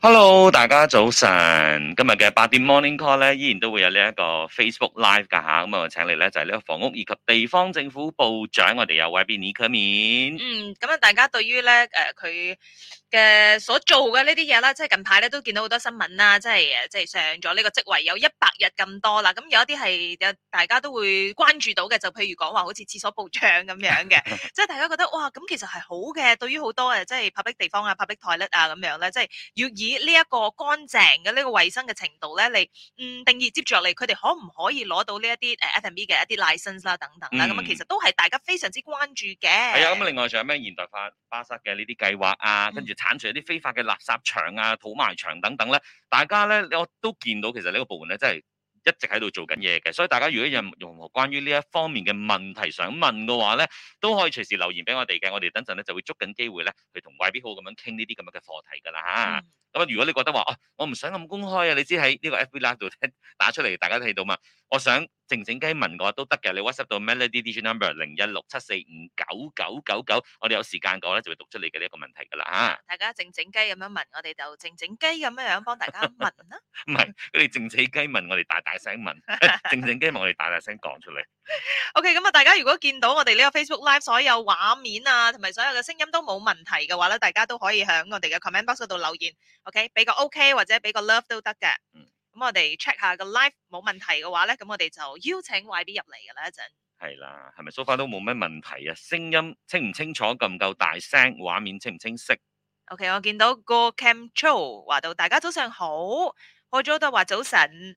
Hello，大家早晨。今日嘅八點 morning call 咧，依然都會有呢一個 Facebook live 嘅嚇。咁啊，我請你咧就係呢個房屋以及地方政府部長，我哋有 YB Nickerman。嗯，咁啊，大家對於咧誒佢嘅所做嘅呢啲嘢啦，即係近排咧都見到好多新聞啦，即係誒即係上咗呢個職位有一百日咁多啦。咁有一啲係大家都會關注到嘅，就譬如講話好似廁所部長咁樣嘅， 即係大家覺得哇，咁其實係好嘅。對於好多誒，即係 public 地方啊、public toilet 啊咁樣咧，即係要以呢一個乾淨嘅呢個衞生嘅程度咧，嚟唔、嗯、定義接住嚟，佢哋可唔可以攞到呢一啲誒、呃、F&B 嘅一啲 license 啦等等啦？咁啊、嗯，其實都係大家非常之關注嘅。啊，咁另外仲有咩現代化巴塞嘅呢啲計劃啊，嗯、跟住剷除一啲非法嘅垃圾場啊、土埋場等等咧，大家咧，我都見到其實呢個部門咧，真係一直喺度做緊嘢嘅。所以大家如果有任何關於呢一方面嘅問題想問嘅話咧，都可以隨時留言俾我哋嘅，我哋等陣咧就會捉緊機會咧去同 YB 好咁樣傾呢啲咁嘅課題㗎啦嚇。咁啊，如果你覺得話，哦，我唔想咁公開啊，你知喺呢個 FB Live 度咧打出嚟，大家都睇到嘛。我想靜靜雞問我都得嘅，你 WhatsApp 到 Melody Digi Number 零一六七四五九九九九，我哋有時間嘅話咧，就會讀出你嘅呢一個問題噶啦嚇。大家靜靜雞咁樣問，我哋就靜靜雞咁樣樣幫大家問啦。唔係，你靜靜雞問我哋，大大聲問，靜靜雞問我哋，大大聲講出嚟。OK，咁啊，大家如果見到我哋呢個 Facebook Live 所有畫面啊，同埋所有嘅聲音都冇問題嘅話咧，大家都可以喺我哋嘅 Comment Box 嗰度留言。OK，俾個 OK 或者俾個 love 都得嘅。嗯，咁、嗯、我哋 check 下、這個 l i f e 冇問題嘅話咧，咁我哋就邀請 y 啲入嚟嘅啦一陣。係啦，係咪 so far 都冇咩問題啊？聲音清唔清楚，夠唔夠大聲，畫面清唔清晰？OK，我見到個 cam、ok、c h o w 話到大家早上好，我 j o 都話早晨。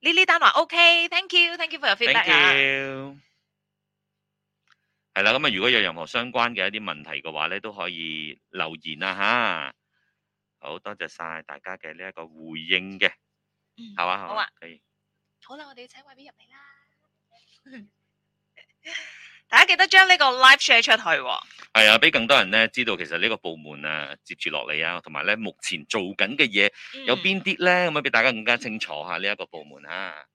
Lily 丹話 OK，thank you，thank you for your feedback。係啦，咁啊，如果有任何相關嘅一啲問題嘅話咧，都可以留言啊吓，好多謝晒大家嘅呢一個回應嘅，係嘛、嗯？好啊，好啦、啊是，我哋要請外邊入嚟啦， 大家記得將呢個 live share 出去喎、哦。係啊，俾更多人咧知道，其實呢個部門啊接住落嚟啊，同埋咧目前做緊嘅嘢有邊啲咧，咁樣俾大家更加清楚下呢一個部門啊。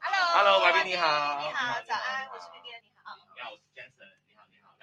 Hello，Hello，外邊你好。你好，早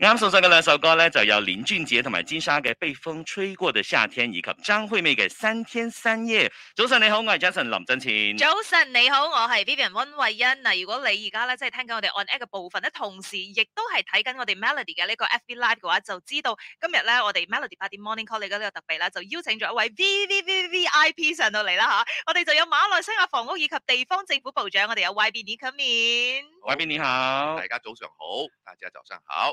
啱啱送上嘅兩首歌咧，就有林俊傑同埋金莎嘅《被風吹過的夏天》，以及張惠妹嘅《三天三夜》。早晨你好，我係 Jason 林振前。早晨你好，我係 Vivian 温慧欣嗱。如果你而家咧即係聽緊我哋 on air 嘅部分，咧同時亦都係睇緊我哋 Melody 嘅呢個 FB Live 嘅話，就知道今日咧我哋 Melody 八點 Morning Call 嚟嘅呢個特別啦，就邀請咗一位 V V V V I P 上到嚟啦吓。我哋就有馬來西亞房屋以及地方政府部長，我哋有 Y B N C K M I N Y B N 你好，大家早上好，大家早上好。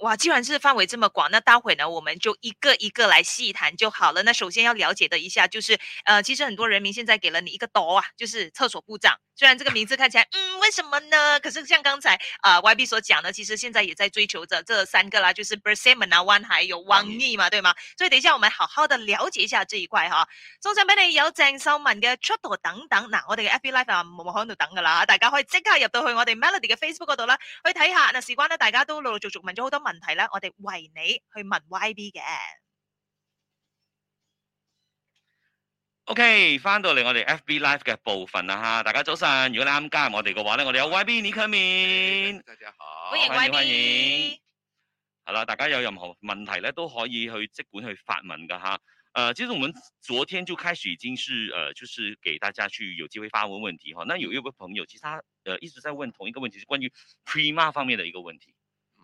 哇，既然是範圍這麼廣，那待會呢，我們就一個一個來細談就好了。那首先要了解的，一下就是，呃，其實很多人民現在給了你一個刀啊，就是廁所部長。雖然這個名字看起來，嗯，為什麼呢？可是像剛才啊、呃、YB 所講的其實現在也在追求着這三個啦，就是 Bersama 啊灣，還有汪逆嘛，對嗎？所以等一下我們好好的了解一下這一塊哈。送上俾你有鄭秀文嘅出道等等，嗱、啊，我哋嘅 FB Live 啊，默默響度等噶啦，大家可以即刻入到去我哋 Melody 嘅 Facebook 嗰度啦，去睇下。嗱，事關呢，大家都陸陸續續問多問題咧，我哋為你去問 YB 嘅。OK，翻到嚟我哋 FB Live 嘅部分啊，吓，大家早晨。如果你啱加入我哋嘅話咧，我哋有 YB 尼可面。大家好，歡迎歡迎。係啦，大家有任何問題咧，都可以去即管去發問噶吓。誒、呃，其實我們昨天就開始已經是誒、呃，就是給大家去有機會發問問題哈。那有一個朋友其，其實他誒一直在問同一個問題，是關於 Prima 方面的一個問題。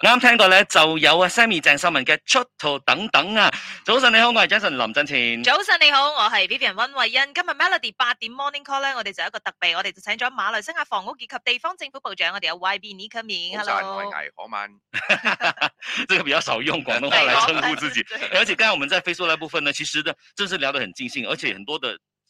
啱聽過咧，就有阿 Sammy 鄭秀文嘅出逃等等啊！早晨你好，我係 Jason 林振前。早晨你好，我係 Vivian 溫慧欣。今日 Melody 八點 Morning Call 咧，我哋就有一個特別，我哋就請咗馬來西亞房屋及地方政府部長，我哋有 YB 倪可敏。Hello，即係， 這個比較少用廣東話嚟稱呼自己。 而且剛才我們在 Facebook 那部分呢，其實呢，真是聊得很盡興，而且很多的。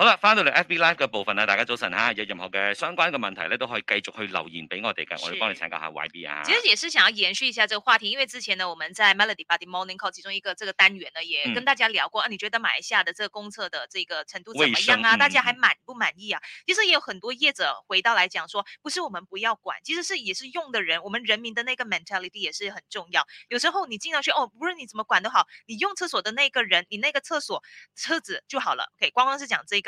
好啦，翻到嚟 FB Live 嘅部分啊，大家早晨吓，有任何嘅相關嘅問題咧，都可以繼續去留言俾我哋嘅，是我哋幫你請教下 YB 啊。其實也是想要延續一下這個話題，因為之前呢，我們在 Melody Body Morning Call 其中一個這個單元呢，也跟大家聊過、嗯、啊。你覺得馬來西亞的這個公廁的這個程度怎麼樣啊？信大家還滿不滿意啊？嗯、其實也有很多業者回到來講說，說不是我們不要管，其實是也是用的人，我們人民的那個 mentality 也是很重要。有時候你經常去，哦，無論你怎麼管都好，你用廁所的那個人，你那個廁所車子就好了。OK，光光是講這個。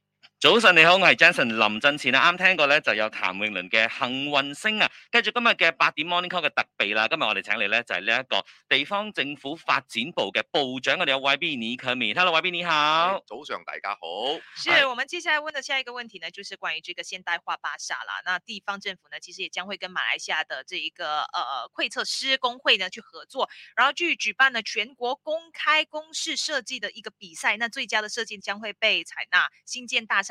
早晨你好，我係 Jason。林振前啊，啱聽過咧，就有譚詠麟嘅幸運星啊。跟住今日嘅八點 Morning Call 嘅特備啦，今日我哋請嚟咧就係呢一個地方政府發展部嘅部長，我哋有 YB 倪可敏。Hello，YB 你好。早上大家好。是，是我們接下來問的下一個問題呢，就是關於這個現代化巴剎啦。那地方政府呢，其實也將會跟馬來西亞的這一個呃繪測師公會呢去合作，然後去舉辦呢全國公開公示設計的一個比賽。那最佳的設計將會被採納，新建大廈。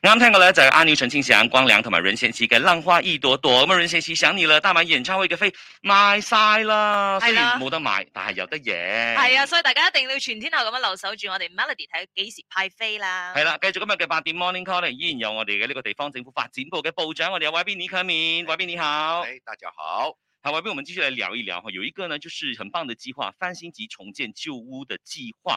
啱啱聽過咧就是阿牛陳慶祥光良同埋任賢齊嘅《浪花一朵朵》，咁啊任賢齊想你了，大馬演唱會嘅飛賣晒啦，係啦，冇得買，了但係有得贏，係啊，所以大家一定要全天候咁樣留守住我哋 Melody 睇幾時派飛啦。係啦，繼續今日嘅八點 Morning Call 咧，依然有我哋嘅呢個地方政府發展部嘅部長，，我哋有 YB 尼克敏，YB 對你好，誒大家好，好 YB，我們繼續嚟聊一聊，哈，有一個呢，就是很棒嘅計劃，翻新及重建舊屋嘅計劃。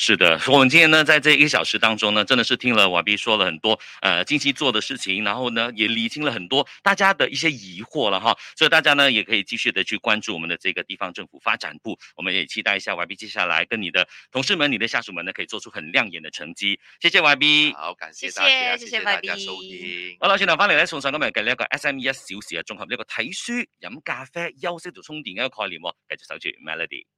是的，所以我們今天呢，在這一個小時當中呢，真的是聽了 YB 說了很多，呃，近期做的事情，然後呢，也理清了很多大家的一些疑惑了哈。所以大家呢，也可以繼續的去關注我們的這個地方政府發展部。我們也期待一下 YB 接下來跟你的同事們、你的下屬們呢，可以做出很亮眼的成績。謝謝 YB，好，感謝大家，謝謝，謝謝大家收聽。謝謝，好了，鏡頭翻嚟來送上今日嘅呢一個 SME 一小時啊，綜合呢個睇書、飲咖啡、休息、做充電嘅一個概念，繼續守住 Melody。Mel